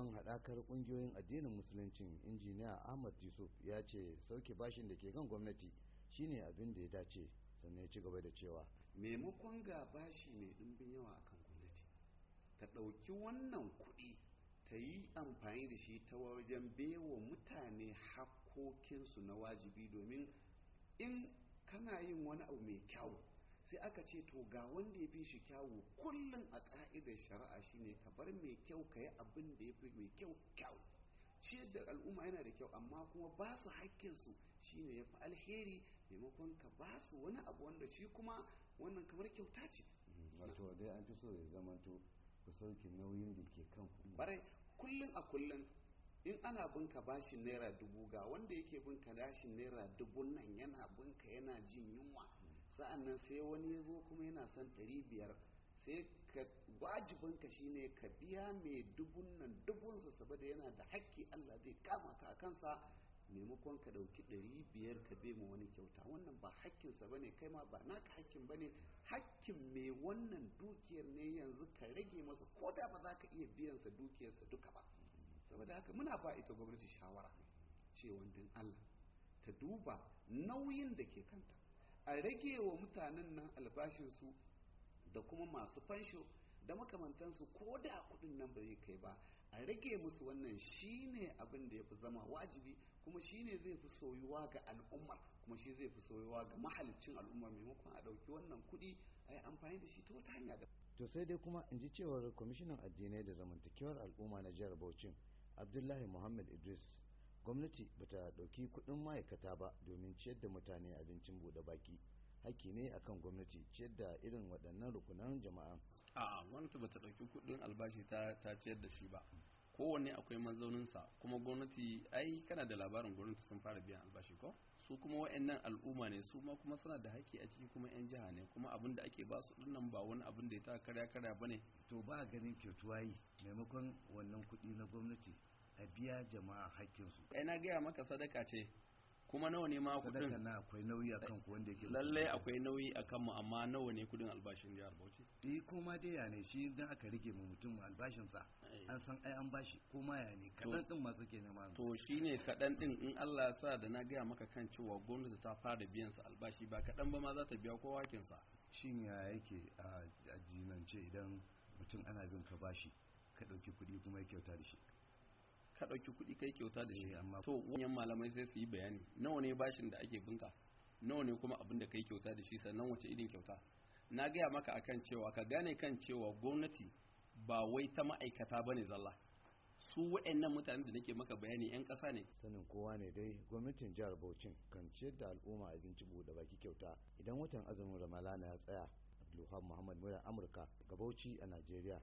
shugaban hadakar kungiyoyin addinin musuluncin injiniya ahmad yusuf ya ce sauke bashin da ke kan gwamnati shine abin da ya dace sannan ya ci gaba da cewa maimakon ga bashi mai ɗumbin yawa akan gwamnati ta ɗauki wannan kuɗi ta yi amfani da shi ta wajen wa mutane hakkokinsu na wajibi domin in kana yin wani abu mai kyau sai aka ce to ga wanda ya fi shi kyawu kullum a ka'idar shari'a shine ka bar mai kyau ka yi abin da ya fi mai kyau kyau ciyar da al'umma yana da kyau amma kuma ba su haƙƙinsu shine ya fi alheri maimakon ka ba su wani abu wanda shi kuma wannan kamar kyauta ce mm, wato dai an fi so ya zama to ku sauke nauyin da ke kan ku bare kullum a kullum in ana binka bashin naira dubu ga wanda yake binka bashin naira dubu nan yana ka yana jin yunwa sa'an nan sai wani ya zo kuma yana son ɗari biyar sai ka wajibinka ne ka biya mai dubun nan dubunsa saboda yana da haƙƙi Allah zai kama ka a kansa maimakon ka ɗauki ɗari biyar ka bai ma wani kyauta wannan ba hakkinsa ba ne kai ma ba naka hakkin ba ne hakkin mai wannan dukiyar ne yanzu ka rage masa ko da ba za ka iya biyansa dukiyarsa duka ba saboda haka muna ba ita gwamnati shawara cewa don Allah ta duba nauyin da ke kanta a rage wa mutanen nan albashinsu da kuma masu fansho da makamantansu ko da kudin nan ba zai kai ba a rage musu wannan shine abin da ya fi zama wajibi kuma shine zai fi soyuwa ga al'umma kuma shi zai fi soyuwa ga mahalicin al'ummar maimakon a ɗauki wannan kuɗi a yi amfani da shi ta wata hanya da to sai dai kuma in ji cewar kwamishinan addinai da zamantakewar al'umma na jihar bauchi abdullahi muhammad idris gwamnati ba ta ɗauki kuɗin ma'aikata ba domin ciyar da mutane abincin buɗe baki haƙƙi ne akan gwamnati ciyar da irin waɗannan rukunan jama'a a'a gwamnati bata ɗauki kuɗin albashi ta ta ciyar da shi ba kowanne akwai mazauninsa kuma gwamnati ai kana da labarin gwamnati sun fara biyan albashi ko su kuma wa'annan al'umma ne su ma kuma suna da haƙƙi a ciki kuma 'yan jiha ne kuma abin da ake ba su dinnan ba wani abin da ya ta karya karya bane to ba ganin kyautuwa yi maimakon wannan kuɗi na gwamnati a biya jama'a hakkinsu ai eh, na gaya maka sadaka ce kuma nawa ne ma kudin sadaka na akwai nauyi a kan ku wanda yake lalle akwai nauyi kan mu amma nawa ne kudin albashin jihar Bauchi eh koma dai ya ne shi idan aka rige mu mutum albashin sa eh. an san ai an bashi koma ya ne kadan din ma suke nema to shine kadan din in Allah ya sa da na gaya maka kan cewa gwamnati ta fara biyan sa albashi ba kadan ba ma za ta biya kowa hakkin sa shin ya yake a jinance idan mutum ana bin ka bashi ka dauki kudi kuma ya kyauta da shi ka ɗauki kuɗi kai kyauta da shi amma to wayan malamai sai su yi bayani nawa ne bashin da ake binka nawa ne kuma abin da kai kyauta da shi sannan wace irin kyauta na gaya maka akan cewa ka gane kan cewa gwamnati ba wai ta ma'aikata bane zalla su wayannan mutanen da nake maka bayani 'yan ƙasa ne sanin kowa ne dai gwamnatin jihar Bauchi kan ciyar da al'umma abinci buɗe baki kyauta idan watan azumin ramalana ya tsaya Abdulhamid Muhammad Mura Amurka ga Bauchi a Najeriya